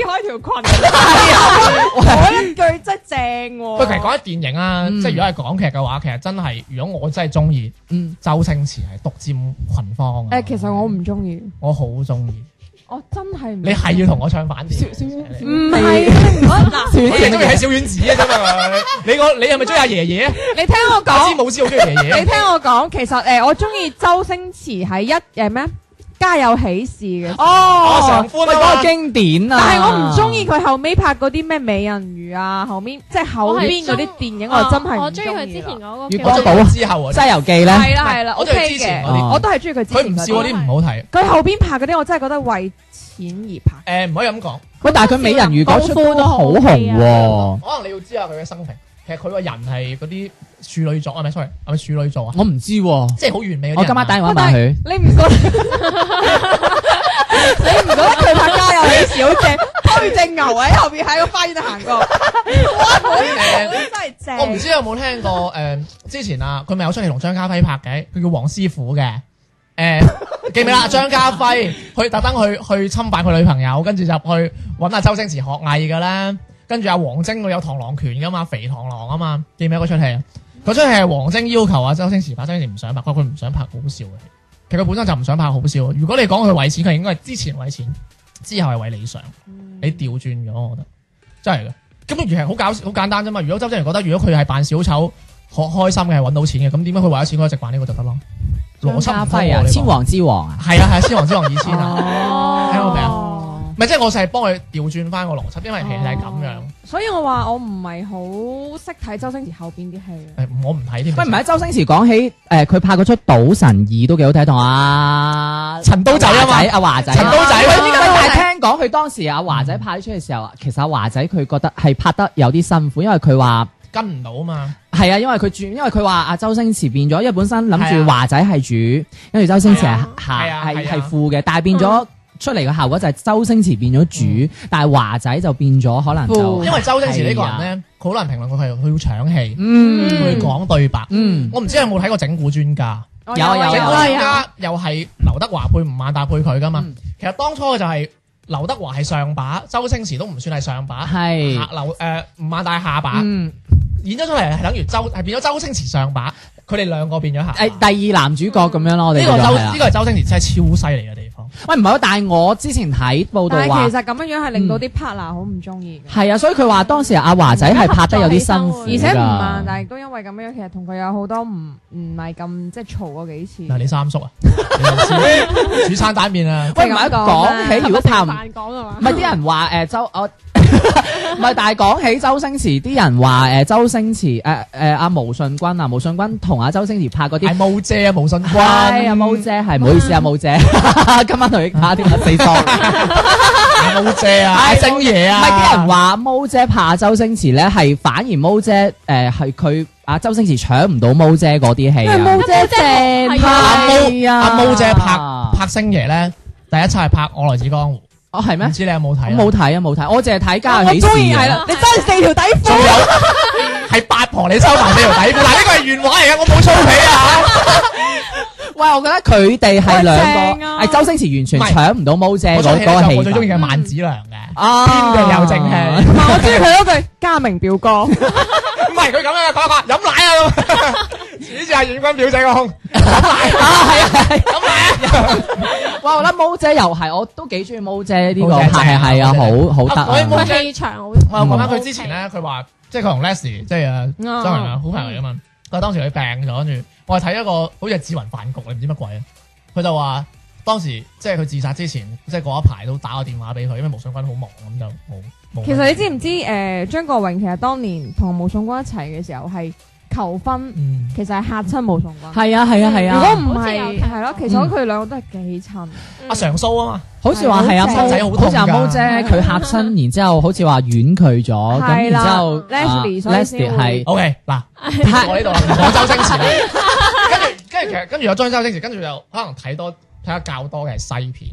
開條裙，我一句真正。喂，其實講一電影啊，即係如果係港劇嘅話，其實真係，如果我真係中意，嗯，周星馳係獨佔群芳誒，其實我唔中意，我好中意，我真係。你係要同我唱反調？小丸子唔係，嗱，我中意係小丸子啊，咋嘛？你我你係咪中意阿爺爺？你聽我講，你知唔知我好中意爺爺。你聽我講，其實誒，我中意周星馳係一誒咩？家有喜事嘅哦，經典啊！但係我唔中意佢後尾拍嗰啲咩美人魚啊，後面，即係後面嗰啲電影，我真係我中意佢之前嗰個。如果賭之後西遊記咧，係啦係啦，我之前，我都係中意佢。佢唔笑嗰啲唔好睇，佢後邊拍嗰啲我真係覺得為錢而拍。誒，唔可以咁講。喂，但係佢美人魚嗰出都好紅喎。可能你要知下佢嘅生平。其實佢個人係嗰啲處女座啊？唔係，sorry，係咪處女座啊？我唔知，即係好完美。我今晚打電話問佢。你唔覺得？你唔覺得佢拍家有喜事好正？推隻牛喺後邊喺個花園度行過，哇！好正，真係正。我唔知有冇聽過誒？之前啊，佢咪有出嚟同張家輝拍嘅，佢叫黃師傅嘅。誒，記唔記啦？張家輝去特登去去侵犯佢女朋友，跟住入去揾阿周星馳學藝噶啦。跟住阿、啊、王晶佢有螳螂拳噶嘛，肥螳螂啊嘛，記唔記得嗰出戲？嗰 出戲係王晶要求阿周星馳拍，周星馳唔想拍，佢佢唔想拍好笑嘅戲，其實佢本身就唔想拍好笑。如果你講佢為錢，佢應該係之前為錢，之後係為理想。嗯、你調轉咗，我覺得真係嘅。根本劇情好搞笑，好簡單啫嘛。如果周星馳覺得如果佢係扮小丑，學開心嘅係搵到錢嘅，咁點解佢為咗錢佢一直扮呢個就得咯？羅、這個、家輝啊，千王之王啊，係啊係千王之王二千啊，聽過未？啊？咪即係我係幫佢調轉翻個邏輯，因為其實係咁樣。所以我話我唔係好識睇周星馳後邊啲戲。我唔睇添。喂，唔係周星馳講起誒，佢拍嗰出《賭神二》都幾好睇，同阿陳刀仔啊，華仔，陳刀仔。但係聽講佢當時阿華仔拍呢出嘅時候啊，其實阿華仔佢覺得係拍得有啲辛苦，因為佢話跟唔到啊嘛。係啊，因為佢轉，因為佢話阿周星馳變咗，因為本身諗住華仔係主，跟住周星馳係係係副嘅，但係變咗。出嚟嘅效果就係周星馳變咗主，嗯，但係華仔就變咗可能，因為周星馳呢個人咧，好是、啊、多人評論佢係佢要搶戲，戲，佢講、嗯、對白。嗯、我唔知你有冇睇過《整蠱專家》哦，有有有，又係劉德華配吳孟達配佢噶嘛？嗯、其實當初就係劉德華係上把，周星馳都唔算係上把，係是劉誒、呃、吳孟達下把，嗯、演咗出嚟係等於周係變咗周星馳上把，佢哋兩個變咗下、嗯。第二男主角咁樣咯，我哋呢個周呢個係周星馳真係超犀利嘅。喂，唔係喎，但係我之前睇報道話，但係其實咁樣樣係令到啲 partner 好唔中意嘅。係啊，所以佢話當時阿華仔係拍得有啲辛苦。而且唔慢，但係亦都因為咁樣樣，其實同佢有好多唔唔係咁即係嘈過幾次。嗱，你三叔啊，煮餐蛋麵啊，喂，唔係講起如果談講係嘛？唔係啲人話誒周我。唔係， 但係講起周星馳，啲人話誒，周星馳誒誒阿毛舜筠，啊，毛舜筠同阿周星馳拍嗰啲係毛姐啊，毛舜筠？係啊，毛姐係，唔好意思啊，毛姐，哇啊、 今晚同佢拍啲乜死喪，毛姐啊，哎、星爺啊，唔係有人話毛姐拍周星馳咧，係反而毛姐誒係佢阿周星馳搶唔到毛姐嗰啲戲啊，毛姐正拍啊，毛姐拍拍星爺咧，第一次係拍我來自江湖。哦，係咩？唔知你有冇睇，冇睇啊，冇睇，我淨係睇家下你、啊。我終於係啦，你收四條底褲，仲有係八婆，你收埋四條底褲。嗱，呢個係原話嚟嘅，我冇充皮啊喂，我覺得佢哋係兩個，係周星馳完全搶唔到毛姐嗰嗰個戲。我最中意係萬梓良嘅，邊個又正氣。我最中意佢嗰句嘉明表哥，唔係佢咁樣，佢話飲奶啊，主持阿演軍表姐嘅胸飲奶啊，係啊，飲奶。哇，我覺得毛姐又係我都幾中意毛姐呢個，係係係啊，好好得。所以毛姐氣場好。我又問返佢之前咧，佢話即係佢同 Leslie 即係啊，周文良，好朋友啊嘛。但係當時佢病咗，跟住我係睇一個好似係志雲飯局，你唔知乜鬼。佢就話當時即係佢自殺之前，即係嗰一排都打個電話俾佢，因為毛舜筠好忙咁就冇。其實你知唔知誒、呃、張國榮其實當年同毛舜筠一齊嘅時候係？求婚其實係嚇親無從講，係啊係啊係啊！如果唔係係咯，其實佢哋兩個都係幾襯。阿常蘇啊嘛，好似話係阿僕仔好好似阿毛姐。佢嚇親，然之後好似話婉拒咗，咁然之後 Leslie Leslie 會 OK 嗱。我呢度，我周星馳。跟住跟住，其實跟住有張周星馳，跟住又可能睇多睇得較多嘅係西片。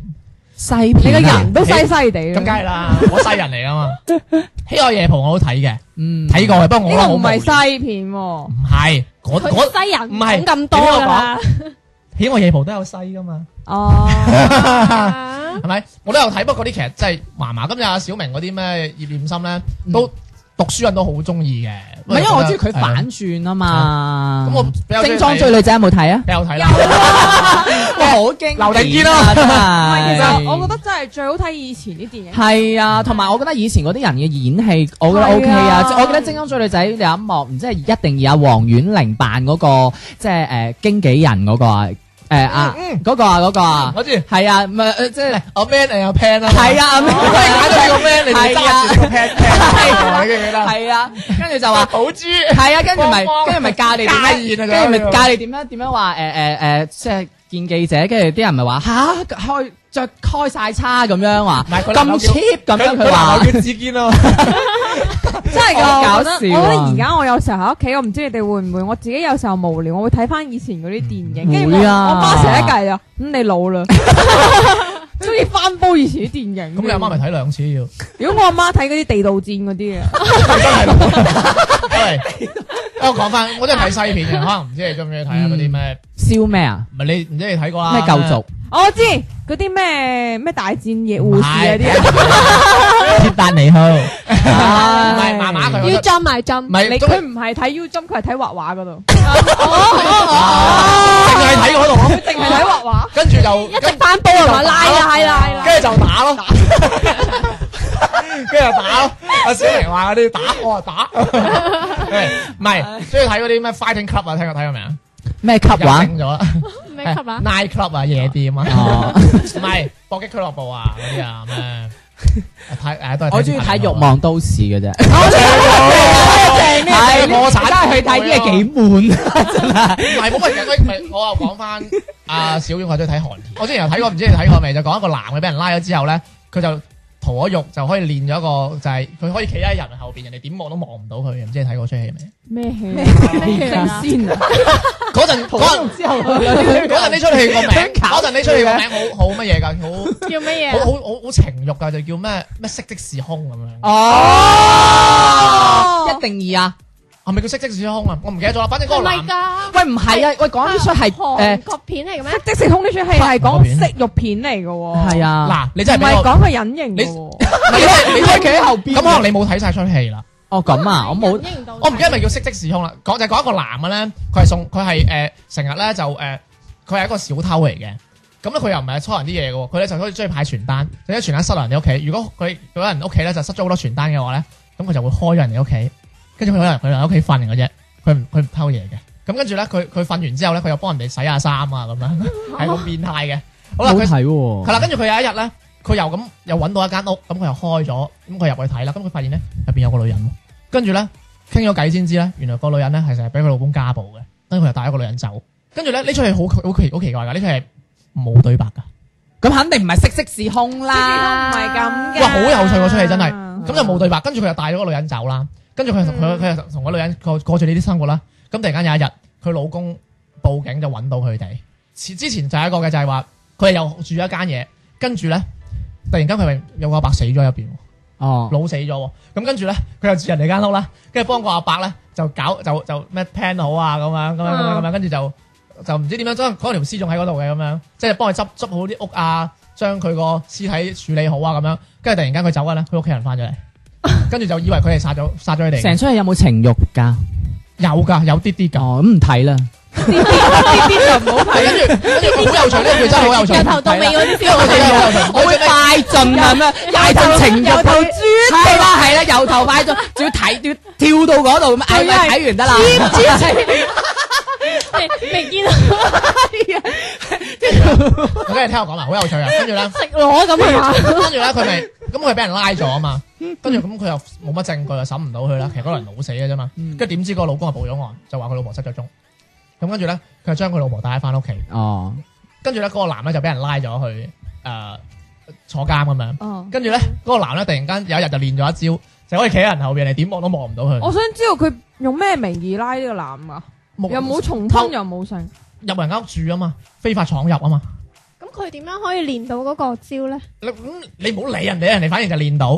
西片，你個人都西西地咁，梗係啦，我西人嚟噶嘛。《喜愛夜蒲》我都睇嘅，嗯，睇過，不過我呢個唔係西片喎，唔係，我我西人唔係咁多噶啦，《喜愛夜蒲》都有西噶嘛，哦，係咪？我都有睇，不過啲劇其實真係麻麻。今日阿小明嗰啲咩熱念心咧都。讀書人都好中意嘅，唔係因為我知佢反轉啊嘛。咁我精裝追女仔有冇睇啊？有睇啦，我好驚。劉定堅咯，其實我覺得真係最好睇以前啲電影。係啊，同埋我覺得以前嗰啲人嘅演戲，我覺得 OK 啊。我記得精裝追女仔有一幕，唔知係一定要阿黃婉玲扮嗰個，即係誒經紀人嗰個啊。誒啊，嗯，嗰個啊，嗰個啊，我知，係啊，唔係誒，即係阿 man 又有 pen 咯，係啊，阿 man 睇到個 man 嚟揸住個 pen，係啊，係啊，跟住就話好豬，係啊，跟住咪，跟住咪教你，架跟住咪教你點樣點樣話，誒誒誒，即係見記者，跟住啲人咪話，吓開着開晒叉咁樣話，咁 cheap 咁樣佢話，自健咯。真係噶，我覺得。我覺得而家我有時候喺屋企，我唔知你哋會唔會，我自己有時候無聊，我會睇翻以前嗰啲電影，跟住我阿媽成日計啊，咁你老啦，中意翻煲以前啲電影。咁你阿媽咪睇兩次要。如果我阿媽睇嗰啲地道戰嗰啲啊。因為，啊，我講翻，我都係睇西片嘅，可能唔知你中唔中意睇下嗰啲咩？燒咩啊？唔係你，唔知你睇過啦。咩舊俗？我知嗰啲咩咩大戰野護士啊啲鐵達尼號，U jump I jump，唔係佢唔係睇 U jump，佢係睇畫畫嗰度，淨係睇嗰度，淨係睇畫畫，跟住就一直翻煲啊，拉啊拉拉，跟住就打咯，跟住就打咯，阿小玲話我哋打，我話打，唔係，中意睇嗰啲咩 fighting club 啊，聽過睇過未啊？咩 club 啊？咗啦。咩 club 啊？Night club 啊，夜店啊。唔係搏擊俱樂部啊，嗰啲啊咩？睇誒，都係我中意睇《欲望都市》嘅啫。係臥蠶都係去睇呢啲，係幾悶啊！真係。唔係，冇問題。唔係，我啊講翻阿小遠，我中意睇韓片。我之前又睇過，唔知你睇過未？就講一個男嘅俾人拉咗之後咧，佢就。塗咗肉就可以練咗一個，就係佢可以企喺人後邊，人哋點望都望唔到佢。唔知你睇過出戲未？咩戲？咩戲先！嗰陣嗰陣之後，嗰陣呢出戲個名，嗰陣呢出戲個名好好乜嘢㗎，好叫乜嘢？好好 好好，好，好情欲㗎，就叫咩咩色即是空咁樣。哦，哦 一定二啊！係咪叫《色即是空》啊？我唔記得咗啦。反正個男唔係噶。喂，唔係啊！喂，講呢出係誒，韓國片嚟嘅咩？《色即是空》呢出戲係講色肉片嚟嘅。係啊。嗱，你真係唔係講佢隱形嘅。你你企喺後邊。咁可能你冇睇晒出戲啦。哦，咁啊，我冇。我唔記得咪叫《色即是空》啦。講就係講一個男嘅咧，佢係送，佢係誒，成日咧就誒，佢係一個小偷嚟嘅。咁佢又唔係偷人啲嘢嘅。佢咧就可以鍾意派傳單，點解傳單塞落人哋屋企？如果佢有人屋企咧就塞咗好多傳單嘅話咧，咁佢就會開咗人哋屋企。跟住佢可能佢喺屋企瞓嘅啫，佢唔佢唔偷嘢嘅。咁跟住咧，佢佢瞓完之後咧，佢又幫人哋洗下衫啊，咁樣係 好變態嘅。好啦，佢係啦，跟住佢有一日咧，佢又咁又搵到一間屋，咁佢又開咗，咁佢入去睇啦。咁佢發現咧，入邊有個女人。跟住咧傾咗偈先知咧，原來個女人咧係成日俾佢老公家暴嘅。跟住佢又帶一個女人走。跟住咧呢出戲好好奇好奇怪噶，呢出戲冇對白噶。咁 肯定唔係色色是空啦。唔係咁噶。哇，好有趣個出戲真係。咁就冇對白，跟住佢又帶咗個女人走啦。跟住佢同佢佢又同個女人過過住呢啲生活啦。咁突然間有一日，佢老公報警就揾到佢哋。之之前就有一個嘅就係話佢又住咗一間嘢。跟住咧突然間佢有個阿伯死咗喺入邊哦，老死咗。咁跟住咧佢又住人哋間屋啦。跟住幫個阿伯咧就搞就搞就咩 plan 好啊咁樣咁樣咁樣。跟住就就唔知點樣將嗰條屍仲喺嗰度嘅咁樣，即係幫佢執執好啲屋啊，將佢個屍體處理好啊咁樣。跟住突然間佢走嘅咧，佢屋企人翻咗嚟。跟住就以為佢係殺咗殺咗佢哋，成出戲有冇情欲噶？有噶，有啲啲噶，咁唔睇啦，啲啲就唔好睇。呢句好有趣，呢句真係好有趣。由頭到尾嗰啲 feel，我會快進咁啊，快進情欲，係啦係啦，由頭快進，仲要睇要跳到嗰度，係咪睇完得啦？你未見啊？即係我跟住你聽我講啦，好有趣啊！跟住咧，食裸咁啊！跟住咧，佢咪咁佢俾人拉咗啊嘛！跟住咁佢又冇乜證據，又審唔到佢啦。其實嗰個人老死嘅啫嘛。跟住點知個老公係報咗案，就話佢老婆失咗蹤。咁跟住咧，佢就將佢老婆帶翻屋企。哦，跟住咧嗰個男咧就俾人拉咗去誒坐監咁樣。哦，跟住咧嗰個男咧突然間有一日就練咗一招，就可以企喺人後面你，點望都望唔到佢。我想知道佢用咩名義拉呢個男啊？又冇重窗，又冇信，入埋人屋住啊嘛，非法闖入啊嘛。咁佢點樣可以練到嗰個招咧、嗯？你唔你唔好理人哋，人哋反而就練到，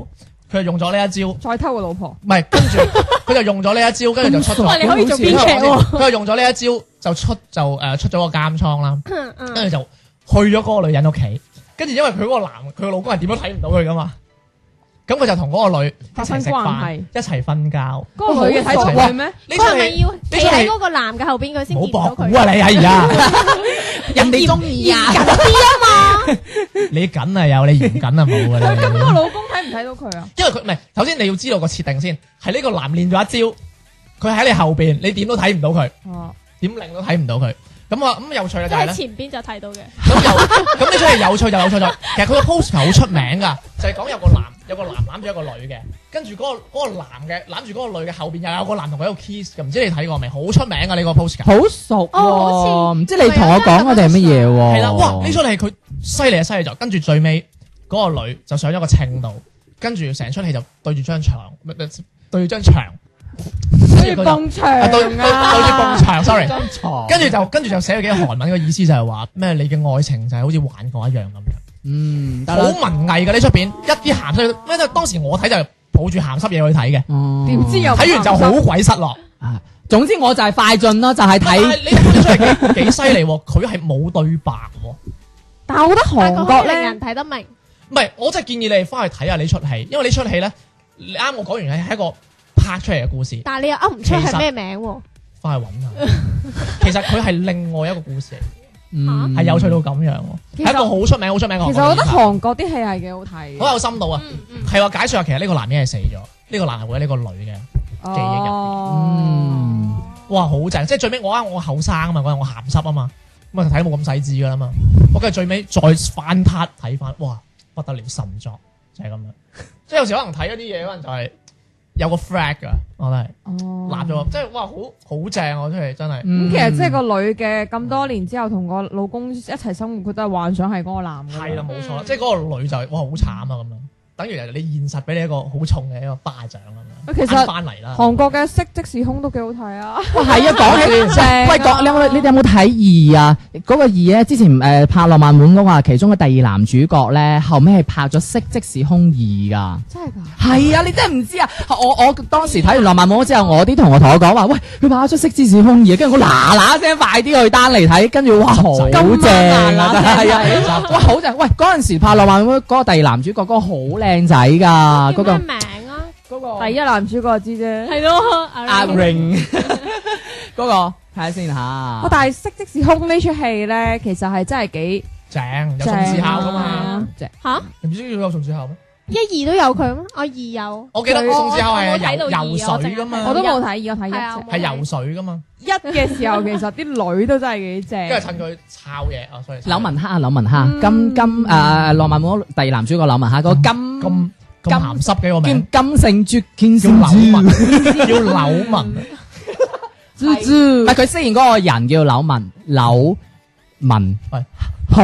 佢就用咗呢一招，再偷個老婆。唔係，跟住佢就用咗呢一招，跟住 就出咗。唔係，你可以做編劇，佢用咗呢一招就出、啊、 就誒出咗個監倉啦，跟住、嗯嗯、就去咗嗰個女人屋企。跟住因為佢嗰個男，佢老公係點都睇唔到佢噶嘛。咁佢就同嗰個女一齊食飯，乖乖一齊瞓覺。嗰個女嘅睇齊佢咩？呢場係要你喺嗰個男嘅後邊，佢先好搏佢。唔、啊、你係而 家。人哋中意啊，緊啲啊嘛。你緊啊有，你嚴緊啊冇啊。咁嗰 個老公睇唔睇到佢啊？因為佢唔係，首先你要知道個設定先，係呢個男練咗一招，佢喺你後邊，你點都睇唔到佢，點令、啊、都睇唔到佢。咁我咁有趣啦，就係喺前邊就睇到嘅。咁、 嗯、又咁呢出戲有趣就有趣就，其實佢個 poster 好出名噶，就係、是、講有個男有個男攬住一個女嘅，跟住嗰個男嘅攬住嗰個女嘅後邊又有個男同佢喺度 kiss，唔知你睇過未？好出名噶呢、這個 poster。好熟哦，唔、哦、知你同我講係乜嘢喎？係、嗯、啦，哇！呢出戲佢犀利啊犀利就，跟住最尾嗰、那個女就上咗個牆度，跟住成出戲就對住張牆，對住張牆。對對對對，Sorry。跟住就跟住就寫咗幾個韓文，個意思就係話咩？你嘅愛情就係好似玩過一樣咁樣。嗯，好文藝嘅呢出片，一啲鹹濕咩都。當時我睇就抱住鹹濕嘢去睇嘅。點知又睇完就好鬼失落。啊，總之我就係快進咯，就係睇。你搬出嚟幾犀利喎？佢係冇對白喎。但係我覺得韓國咧，令人睇得明。唔係，我真係建議你哋翻去睇下呢出戲，因為呢出戲咧，啱我講完係係一個。拍出嚟嘅故事，但係你又噏唔出係咩名喎？翻去搵下，其實佢係另外一個故事嚟係有趣到咁樣，係一個好出名、好出名嘅。其實我覺得韓國啲戲係幾好睇，好有深度啊！係話解說，其實呢個男人係死咗，呢個男人會喺呢個女嘅記憶入邊，哇，好正！即係最尾我啱，我後生啊嘛，嗰陣我咸濕啊嘛，咁啊睇都冇咁細緻噶啦嘛，我跟住最尾再翻睇睇翻，哇，不得了神作，就係咁樣。即係有時可能睇一啲嘢，可能就係。有個 frag 㗎，我哦，辣咗，即係哇，好好正，我真係，真係。咁、嗯、其實即係個女嘅咁多年之後同個老公一齊生活，佢都係幻想係嗰個男嘅。係啦、嗯，冇錯，即係嗰個女就係哇，好慘啊咁樣。等於你現實俾你一個好重嘅一個巴掌咁樣，其實翻嚟啦。韓國嘅《色即時空》都幾好睇啊！係啊，講起正。喂，你有冇你有冇睇二啊？嗰個二咧，之前誒拍《浪漫滿屋》啊，其中嘅第二男主角咧，後尾係拍咗《色即是空二》噶。真係㗎？係啊！你真係唔知啊！我我當時睇完《浪漫滿屋》之後，我啲同學同我講話：，喂，佢拍咗《色即是空二》，跟住我嗱嗱聲快啲去單嚟睇，跟住哇，好正啊！真係啊！哇，好正！喂，嗰陣時拍《浪漫滿屋》嗰個第二男主角嗰個好靚。靚仔噶，嗰那個名啊，嗰個第一男主角知啫、 啊，係、啊、咯，阿 Ring，嗰、 那個睇下先吓、哦。但係《色即是空》呢出戲咧，其實係真係幾正，有宋智孝噶嘛？正，吓，你唔知有宋智孝咩？一二都有佢咩？我二有。我記得剛先係遊游水噶嘛。我都冇睇，二我睇一。係啊，係游水噶嘛。一嘅時候其實啲女都真係幾正。即係趁佢抄嘢啊，所以。柳文赫啊，柳文赫。金金誒浪漫滿屋第二男主角柳文赫個金金金濕嘅個名。金成洙，叫柳文。叫柳文。唔係佢飾演嗰個人叫柳文，柳文好。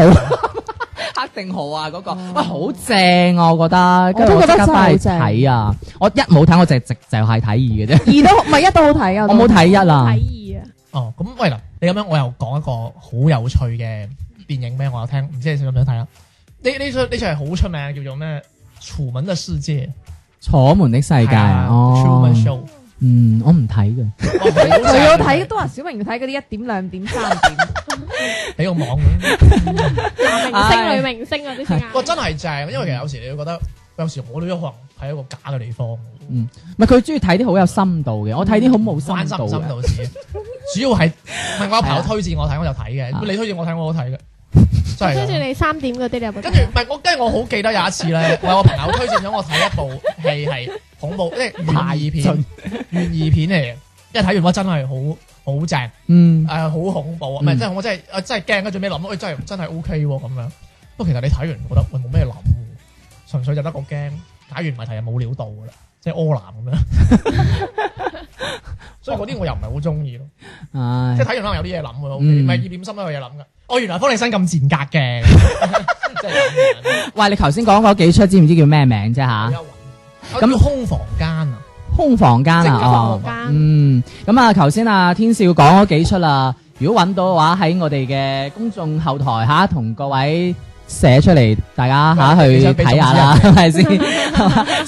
黑定好啊！嗰、那個哇，好正啊！我覺得我都覺得真係好正啊！正，我一冇睇，我就係直就係睇二嘅啫。二都唔係，一都好睇啊！我冇睇一啊。睇二啊。哦，咁喂嗱，你咁樣我又講一個好有趣嘅電影俾我有聽，唔知你想唔想睇啊？你呢出呢出係好出名，叫做咩《楚門嘅世界》。楚門的世界哦。嗯，我唔睇嘅。佢要睇都話小明要睇嗰啲一點兩點三點，睇個網咁。明星女明星嗰啲先。哇，真係正，因為其實有時你會覺得，有時我都有可能係一個假嘅地方。嗯，唔係佢中意睇啲好有深度嘅，我睇啲好冇深度嘅。主要係係我朋友推薦我睇，我就睇嘅。你推薦我睇，我都睇嘅。跟住你三點嗰啲你有部，跟住唔係我跟，我好記得有一次咧，我有個朋友推薦咗我睇一部戲，係恐怖即係懸疑片，懸疑片嚟嘅。因為睇完我真係好好正，嗯，誒，好恐怖啊，唔係即係我真係我真係驚。跟住咩諗？真係真係 O K 咁樣。不過其實你睇完覺得我冇咩諗，純粹就得個驚。解完問題，又冇料到噶啦，即係柯南咁樣。所以嗰啲我又唔係好中意咯，即係睇完可能有啲嘢諗咯，唔係二念心都有嘢諗噶。我原來方力申咁賤格嘅，真係喂，你頭先講嗰幾出，知唔知叫咩名啫？吓，咁空房間啊，空房間啊，哦，嗯。咁啊，頭先啊，天少講嗰幾出啦。如果揾到嘅話，喺我哋嘅公眾後台吓，同各位寫出嚟，大家吓去睇下啦，係咪先？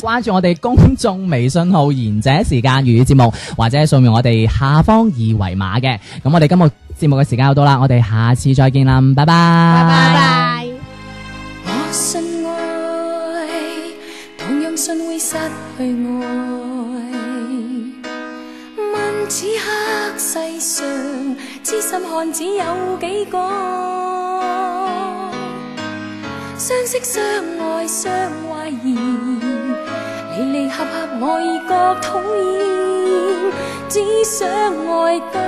關注我哋公眾微信號“賢者時間粵語節目”，或者掃描我哋下方二維碼嘅。咁我哋今日。節目嘅時間又到啦，我哋下次再見啦，拜拜。拜拜。我信愛，同樣信會失去愛。問此刻世上，痴心漢子有幾個？相識相愛相懷疑，離離合合我已覺討厭，只想愛得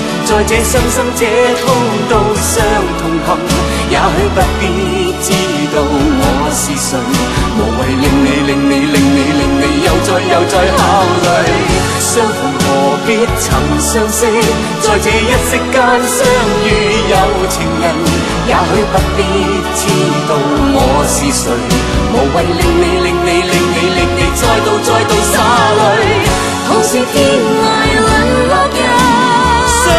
在這傷心者通道，相同行，也許不必知道我是誰，無謂令你令你令你令你又再又再考慮。相逢何必曾相識，在這一息間相遇有情人，也許不必知道我是誰，無謂令你令你令你令你再度再度灑淚。同是天涯。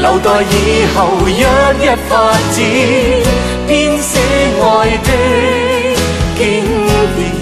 留待以後，一一發展，編寫愛的經典。